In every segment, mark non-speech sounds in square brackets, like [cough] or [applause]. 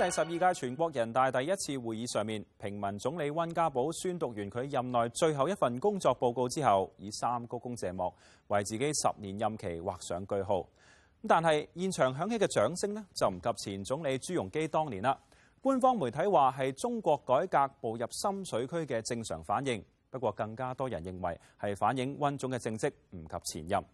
喺第十二屆全國人大第一次會議上面，平民總理温家寶宣讀完佢任內最後一份工作報告之後，以三鞠躬謝幕，為自己十年任期劃上句號。但係現場響起嘅掌聲呢，就唔及前總理朱鎔基當年啦。官方媒體話係中國改革步入深水區嘅正常反應，不過更加多人認為係反映温總嘅政績唔及前任。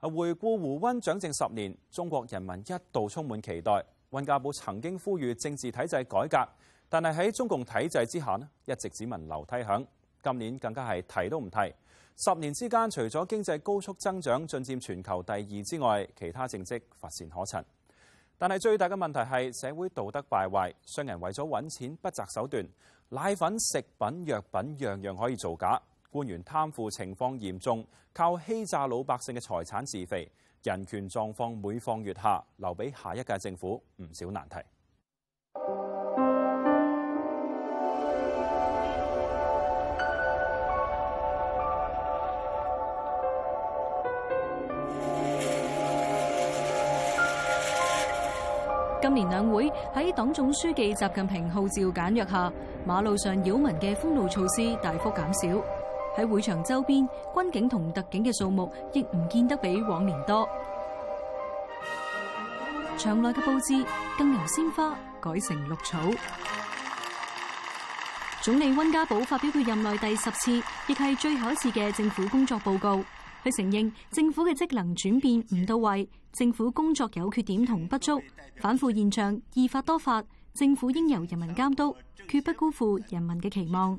回顧胡温掌政十年，中國人民一度充滿期待。温家寶曾經呼籲政治體制改革，但係喺中共體制之下呢，一直只聞樓梯響。今年更加係提都唔提。十年之間，除咗經濟高速增長，進佔全球第二之外，其他政績乏善可陳。但係最大嘅問題係社會道德敗壞，商人為咗揾錢不擇手段，奶粉、食品、藥品樣樣可以造假。官員貪腐情況嚴重，靠欺詐老百姓嘅財產自肥。人權狀況每況愈下，留俾下一屆政府唔少難題。今年兩會喺黨總書記習近平號召簡約下，馬路上擾民嘅封路措施大幅減少。喺會場周邊，軍警同特警嘅數目亦唔見得比往年多。場內嘅佈置更由鮮花改成綠草。總理温家寶發表佢任內第十次，亦係最後一次嘅政府工作報告。佢承認政府嘅職能轉變唔到位，政府工作有缺點同不足，反腐現象易發多發，政府應由人民監督，決不辜負人民嘅期望。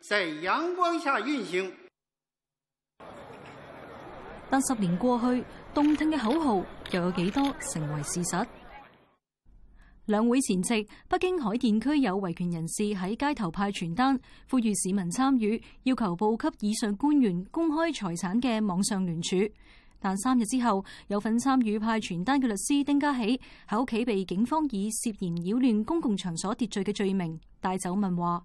在陽光下運行，但十年過去，動聽嘅口號又有幾多成為事實？兩會前夕，北京海淀區有維權人士喺街頭派傳單，呼籲市民參與，要求部級以上官員公開財產嘅網上聯署。但三日之後，有份參與派傳單嘅律師丁家喜喺屋企被警方以涉嫌擾亂公共場所秩序嘅罪名帶走問話。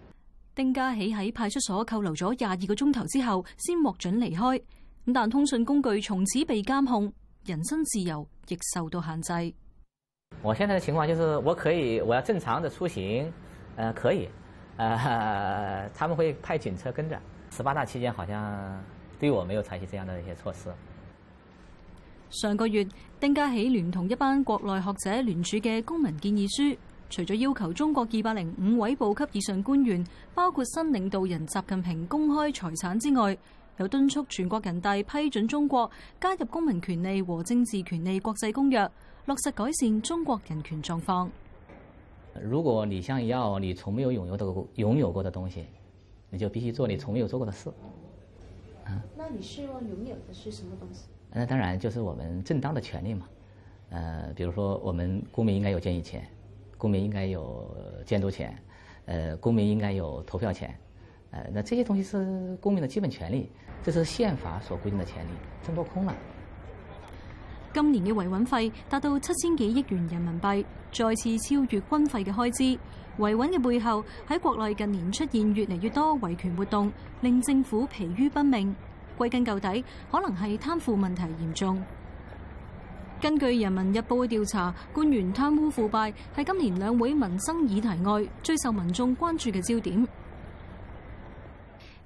丁家喜喺派出所扣留咗廿二個鐘頭之後，先獲准離開。但通訊工具從此被監控，人身自由亦受到限制。我現在的情況就是我可以我要正常的出行，呃、可以，誒、呃、他們會派警車跟着。十八大期間好像對我沒有採取這樣的一些措施。上個月，丁家喜聯同一班國內學者聯署嘅公民建議書。除咗要求中國二百零五位部級以上官員，包括新領導人習近平公開財產之外，又敦促全國人大批准中國加入《公民權利和政治權利國際公約》，落實改善中國人權狀況。如果你想要你從沒有擁有的擁有過的東西，你就必須做你從沒有做過的事。那你希望擁有的是什麼東西？那當然就是我們正當的權利嘛。呃，比如說我們公民應該有建議權。公民應該有監督權，呃，公民應該有投票權，呃，那這些東西是公民的基本權利，這是憲法所規定的權利。真落空了。今年嘅維穩費達到七千幾億元人民幣，再次超越軍費嘅開支。維穩嘅背後，喺國內近年出現越嚟越多維權活動，令政府疲於奔命。歸根究底，可能係貪腐問題嚴重。根據《人民日報》嘅調查，官員貪污腐敗係今年兩會民生議題外最受民眾關注嘅焦點。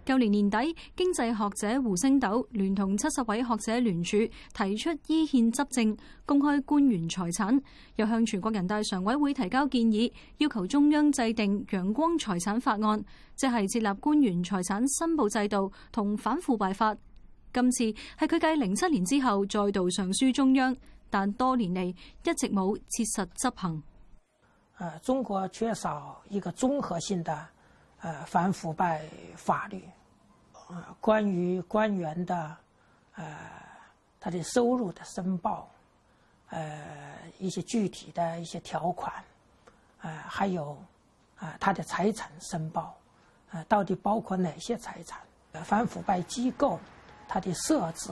舊年年底，經濟學者胡星斗聯同七十位學者聯署，提出依憲執政、公開官員財產，又向全國人大常委會提交建議，要求中央制定《陽光財產法案》，即係設立官員財產申報制度同反腐敗法。今次係佢繼零七年之後再度上書中央。但多年嚟一直冇切實執行。誒，中國缺少一個綜合性的誒反腐敗法律。誒，關於官員的呃他的收入的申報，誒一些具體的一些條款，誒還有誒他的財產申報，誒到底包括哪些財產？反腐敗機構它的設置。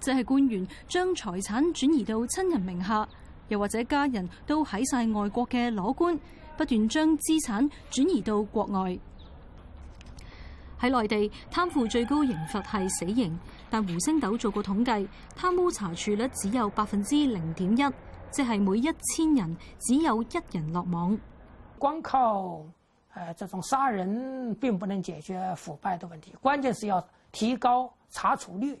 即係官員將財產轉移到親人名下，又或者家人都喺晒外國嘅裸官，不斷將資產轉移到國外。喺內地，貪腐最高刑罰係死刑，但胡星斗做過統計，貪污查處率只有百分之零點一，即係每一千人只有一人落網。光靠誒這種殺人並不能解決腐敗的問題，關鍵是要提高查處率。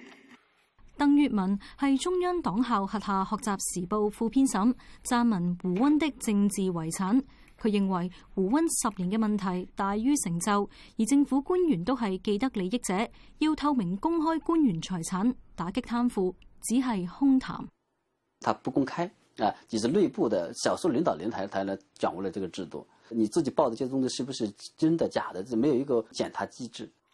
鄧月文係中央黨校轄下學習時報副編審，撰文胡溫的政治遺產。佢認為胡溫十年嘅問題大於成就，而政府官員都係既得利益者，要透明公開官員財產，打擊貪腐，只係空談。他不公開啊，只是內部的少數領導人才才來掌握了這個制度。你自己報的這些東西是不是真的假的？就沒有一個檢查機制。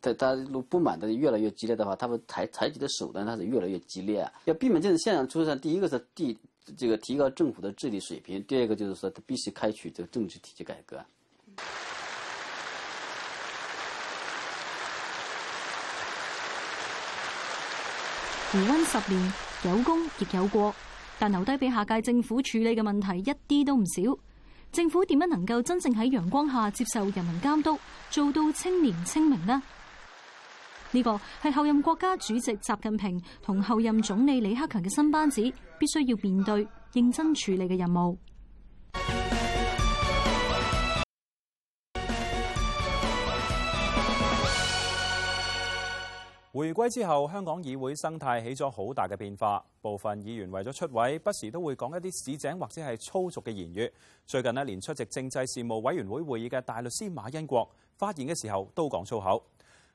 他他如不滿的越來越激烈的話，他們採採取的手段他是越來越激烈。要避免這種現象出現，第一個是第這個、這個、提高政府的治理水平，第二個就是說他必須開啟這個政治體制改革。胡、嗯、溫十年有功亦有過，但留低俾下屆政府處理嘅問題一啲都唔少。政府點樣能夠真正喺陽光下接受人民監督，做到清廉清明呢？呢個係候任國家主席習近平同候任總理李克強嘅新班子必須要面對、認真處理嘅任務。回歸之後，香港議會生態起咗好大嘅變化，部分議員為咗出位，不時都會講一啲市井或者係粗俗嘅言語。最近呢，連出席政制事務委員會會議嘅大律師馬恩國發言嘅時候都講粗口。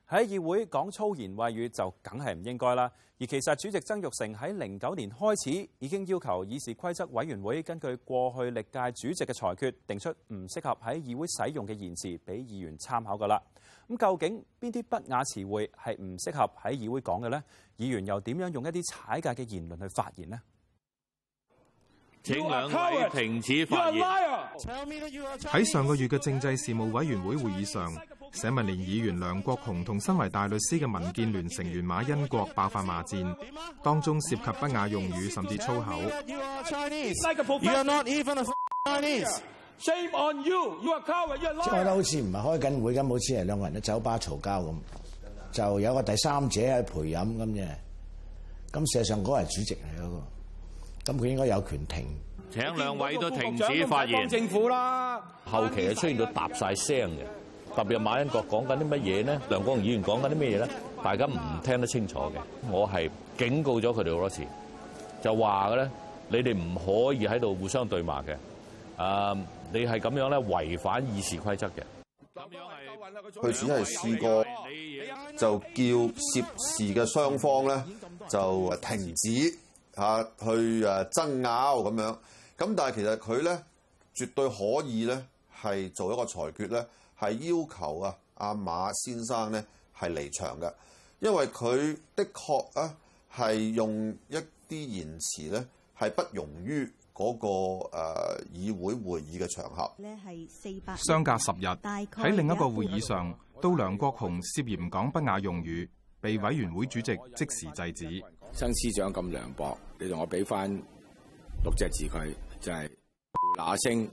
喺議會講粗言穢語就梗係唔應該啦。而其實主席曾鈺成喺零九年開始已經要求議事規則委員會根據過去歷屆主席嘅裁決，定出唔適合喺議會使用嘅言辭俾議員參考噶啦。咁究竟邊啲不雅詞彙係唔適合喺議會講嘅呢？議員又點樣用一啲踩界嘅言論去發言呢？請兩位停止發言。喺上個月嘅政制事務委員會會議上，社民聯議員梁國雄同身為大律師嘅民建聯成員馬恩國爆發罵戰，當中涉及不雅用語甚至粗口。You are Chinese, you are not even Chinese. Shame on you. 我覺得好似唔係開緊會咁，好似係兩個人喺酒吧嘈交咁，就有個第三者喺陪飲咁啫。咁事實上嗰個係主席嚟嗰個，咁佢應該有權停。請兩位都停止發言。政府啦，後期係出現到揼晒聲嘅。特別馬恩國講緊啲乜嘢咧？梁國雄議員講緊啲乜嘢咧？大家唔聽得清楚嘅。我係警告咗佢哋好多次，就話嘅咧，你哋唔可以喺度互相對罵嘅。誒、啊，你係咁樣咧，違反議事規則嘅。咁樣係佢先係試過就叫涉事嘅雙方咧就停止下、啊、去誒爭拗咁樣。咁、啊、但係其實佢咧絕對可以咧係做一個裁決咧。係要求啊，阿、啊、馬先生呢係離場嘅，因為佢的確啊係用一啲言辭呢係不容於嗰、那個誒、啊、議會會議嘅場合。相隔十日喺另一個會議上，都梁國雄涉嫌講不雅用語，被委員會主席即時制止。新司長咁涼薄，你同我俾翻六隻字佢，就係打聲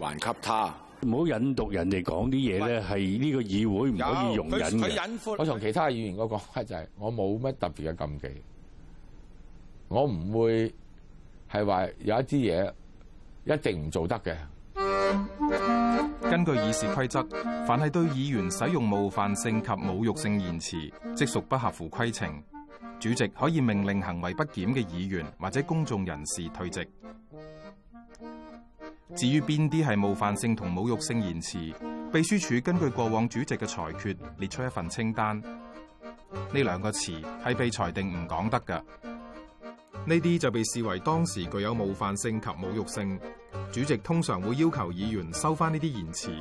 還給他。唔好引讀人哋講啲嘢咧，係呢個議會唔可以容忍嘅。我同其他議員講法就係，我冇乜特別嘅禁忌，我唔會係話有一啲嘢一定唔做得嘅。根據議事規則，凡係對議員使用冒犯性及侮辱性言辭，即屬不合乎規程。主席可以命令行為不檢嘅議員或者公眾人士退席。至於邊啲係冒犯性同侮辱性言辭，秘書處根據過往主席嘅裁決列出一份清單。呢兩個詞係被裁定唔講得㗎。呢啲就被視為當時具有冒犯性及侮辱性。主席通常會要求議員收翻呢啲言辭。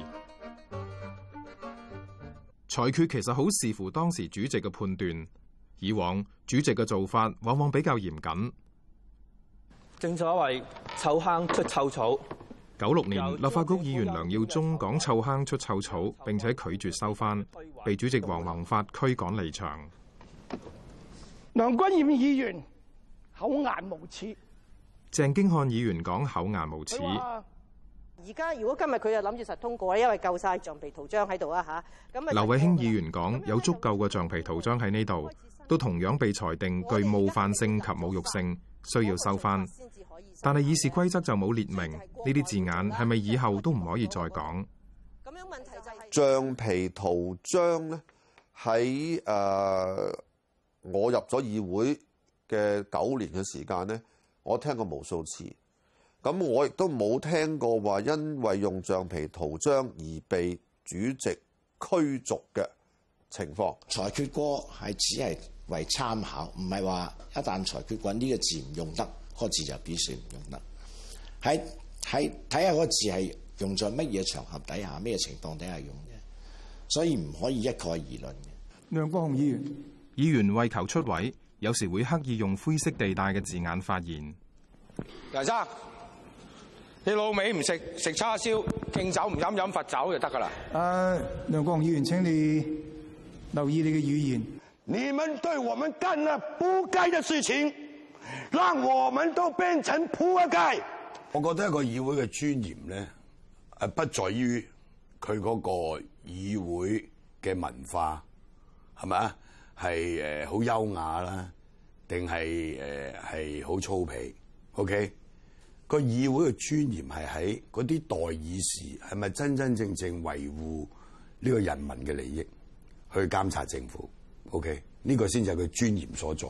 裁決其實好視乎當時主席嘅判斷。以往主席嘅做法往往比較嚴謹。正所謂臭坑出臭草。九六年，立法局議員梁耀忠講臭坑出臭草，並且拒絕收翻，被主席黃宏發驅趕離場。梁君彥議員厚顏無恥。鄭經翰議員講厚顏無恥。而家如果今日佢又諗住實通過咧，因為夠晒橡皮圖章喺度啊嚇。咁啊。劉慧卿議員講有足夠嘅橡皮圖章喺呢度，都同樣被裁定具冒犯性及侮辱性。需要收翻，但係議事規則就冇列明呢啲字眼，係咪以後都唔可以再講？橡皮圖章咧，喺誒，我入咗議會嘅九年嘅時間咧，我聽過無數次。咁我亦都冇聽過話因為用橡皮圖章而被主席驅逐嘅情況。裁決過係只係，為參考，唔係話一旦裁決滾呢、這個字唔用得，這個字就必須唔用得。喺喺睇下個字係用在乜嘢場合底下，咩情況底下用嘅，所以唔可以一概而論嘅。梁國雄議員，議員為求出位，有時會刻意用灰色地帶嘅字眼發言。梁生，你老味唔食食叉燒，敬酒唔飲飲罰酒就得噶啦。啊，梁國雄議員，請你留意你嘅語言。你們對我們幹了扑街嘅事情，讓我們都變成扑街。我覺得一個議會嘅尊嚴咧，誒不在於佢嗰個議會嘅文化係咪啊？係誒好優雅啦，定係誒係好粗鄙？OK 個議會嘅尊嚴係喺嗰啲代議士係咪真真正正維護呢個人民嘅利益去監察政府？O K. 呢個先係佢尊嚴所在。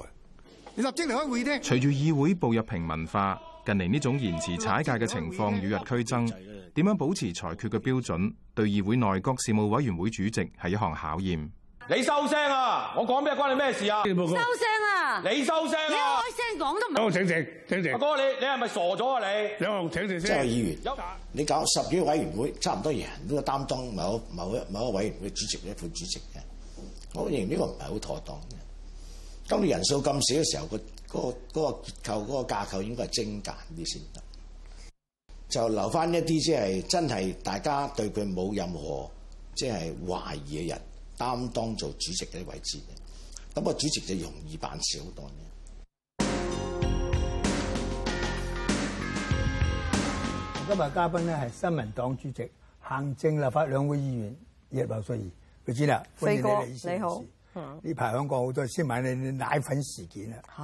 你立即離開會議廳。隨住議會步入平民化，近年呢種言辭踩界嘅情況與日俱增。點樣保持裁決嘅標準，對議會內閣事務委員會主席係一項考驗。你收聲啊！我講咩關你咩事啊？收聲啊！你收聲你開聲講都唔好。兩雄請靜，阿哥你你係咪傻咗啊？你兩雄請靜先。你搞十幾個委員會，差唔多人人都擔當某某一某一委員會主席或者副主席嘅。我認呢個唔係好妥當嘅。當你人數咁少嘅時候，嗰個嗰、嗰個嗰個結構個架構應該係精簡啲先得，就留翻一啲即係真係大家對佢冇任何即係懷疑嘅人擔當做主席嘅位置，咁、嗰個主席就容易辦少好多嘅。今日嘉賓咧係新民黨主席、行政立法兩會議員葉劉淑儀。知你知啦，飛哥你好。呢排香港好多先問你奶粉事件啊。係。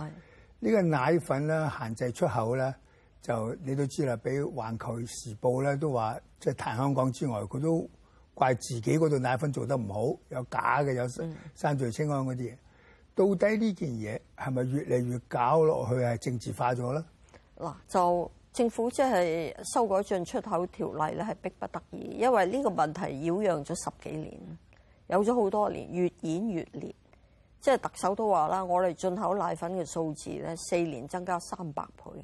呢、這個奶粉咧限制出口咧，就你都知啦。俾《環球時報》咧都話，即係彈香港之外，佢都怪自己嗰度奶粉做得唔好，有假嘅，有三聚氰胺嗰啲嘢。到底呢件嘢係咪越嚟越搞落去係政治化咗咧？嗱，就政府即係修改進出口條例咧，係逼不得已，因為呢個問題擾攘咗十幾年。有咗好多年，越演越烈。即係特首都話啦，我哋進口奶粉嘅數字咧，四年增加三百倍，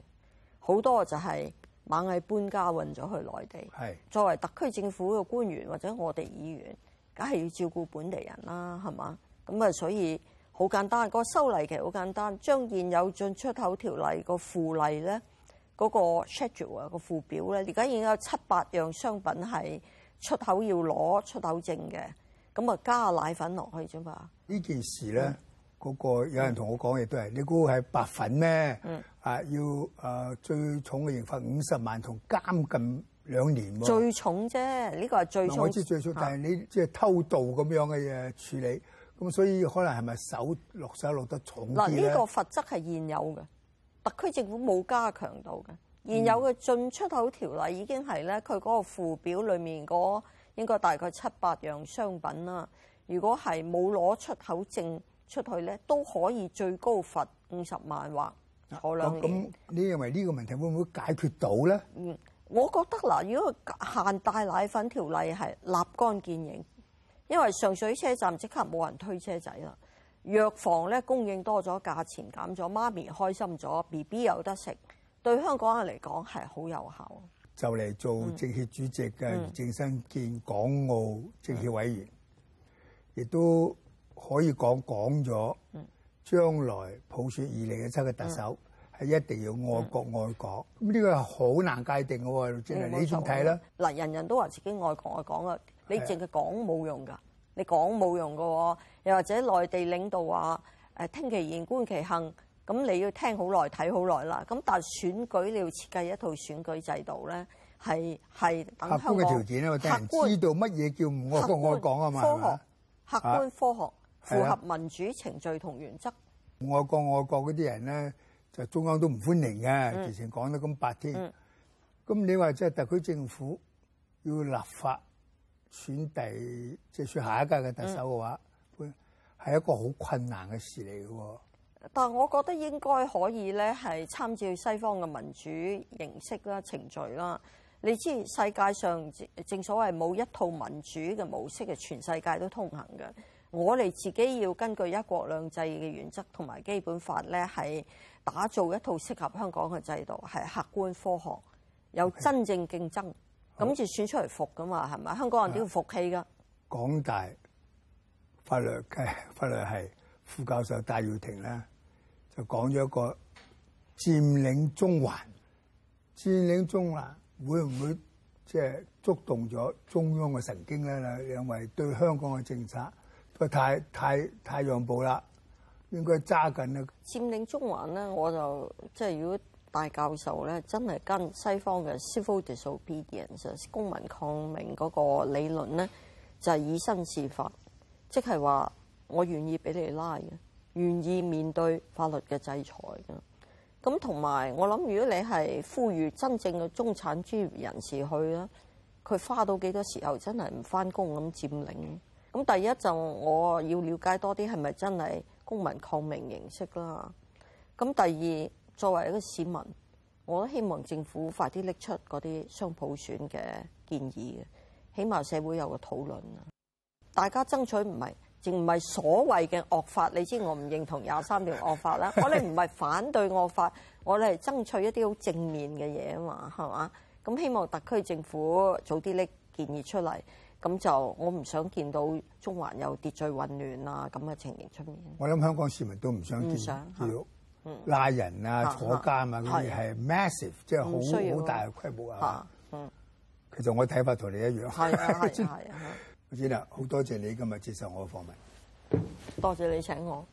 好多就係螞蟻搬家運咗去內地。係。作為特區政府嘅官員或者我哋議員梗係要照顧本地人啦，係嘛？咁啊，所以好簡單，個修例其實好簡單，將現有進出口條例個附例咧嗰個 schedule 啊個附表咧，而家已經有七八樣商品係出口要攞出口證嘅。咁啊，加奶粉落去啫嘛！呢件事咧，嗰、嗯嗰個有人同我講嘅都係、嗯，你估個係白粉咩？嗯，啊要啊最重嘅刑罰五十萬同監禁兩年。最重啫、啊，呢、呢個係最重。嗯、我知最重，啊、但係你即係、就是、偷渡咁樣嘅嘢處理，咁所以可能係咪手落手落得重啲嗱，呢、啊呢個罰則係現有嘅，特區政府冇加強到嘅，現有嘅進出口條例已經係咧，佢、嗯、嗰個附表裡面個。應該大概七八樣商品啦。如果係冇攞出口證出去咧，都可以最高罰五十萬或嗰兩年。咁你認為呢個問題會唔會解決到咧？嗯，我覺得嗱，如果限帶奶粉條例係立竿見影，因為上水車站即刻冇人推車仔啦。藥房咧供應多咗，價錢減咗，媽咪開心咗，B B 有得食，對香港人嚟講係好有效。就嚟做政協主席嘅俞正聲見港澳政協委員，亦、嗯、都可以講講咗，說了將來普選二零一七嘅特首係、嗯、一定要愛國愛港，咁呢個係好難界定嘅喎，主席、嗯就是、你點睇咧？嗱、嗯嗯嗯，人人都話自己愛國愛港啊，你淨係講冇用噶，你講冇用嘅喎，又或者內地領導話誒聽其言觀其行。咁你要聽好耐睇好耐啦，咁但係選舉你要設計一套選舉制度咧，係係等香客觀嘅條件啊！我聽人知道乜嘢叫唔愛國愛港啊嘛，客觀科學、客觀科學、啊，符合民主程序同原則。唔愛國唔愛港嗰啲人咧，就中央都唔歡迎嘅、嗯，之前講得咁白啲，咁、嗯、你話即係特區政府要立法選第即係、就是、選下一屆嘅特首嘅話，係、嗯、一個好困難嘅事嚟嘅喎。但係我覺得應該可以咧，係參照西方嘅民主形式啦、程序啦。你知世界上正所謂冇一套民主嘅模式係全世界都通行嘅。我哋自己要根據一國兩制嘅原則同埋基本法咧，係打造一套適合香港嘅制度，係客觀科學，有真正競爭，咁、okay，就選出嚟服噶嘛，係咪香港人點服氣噶港大法律嘅、哎、法律系副教授戴耀廷咧。就講咗一個佔領中環，佔領中環會唔會即係觸動咗中央嘅神經咧？因為對香港嘅政策都太太太讓步啦，應該揸緊啦。佔領中環咧，我就即係、就是、如果戴教授咧，真係跟西方嘅 civil disobedience 公民抗命嗰個理論咧，就係、是、以身試法，即係話我願意俾你拉嘅。願意面對法律嘅制裁嘅，咁同埋我諗，如果你係呼籲真正嘅中產專業人士去啦，佢花到幾多時候真係唔翻工咁佔領？咁第一就我要了解多啲係咪真係公民抗命形式啦？咁第二作為一個市民，我都希望政府快啲拎出嗰啲雙普選嘅建議嘅，起碼社會有個討論啊！大家爭取唔係。唔係所謂嘅惡法，你知我唔認同廿三條惡法啦。 [laughs] 我哋唔係反對惡法，我哋係爭取一啲好正面嘅嘢啊嘛，係嘛？咁希望特區政府早啲拎建議出嚟，咁就我唔想見到中環有秩序混亂啊咁嘅情形出面。我諗香港市民都唔想見，想要拉人啊、坐監啊，咁係 massive，即係好好大嘅規模啊。嗯，其實我睇法同你一樣。係啊，係啊，啊。 [laughs] 知啦，好多謝你今日接受我嘅訪問，多謝你請我。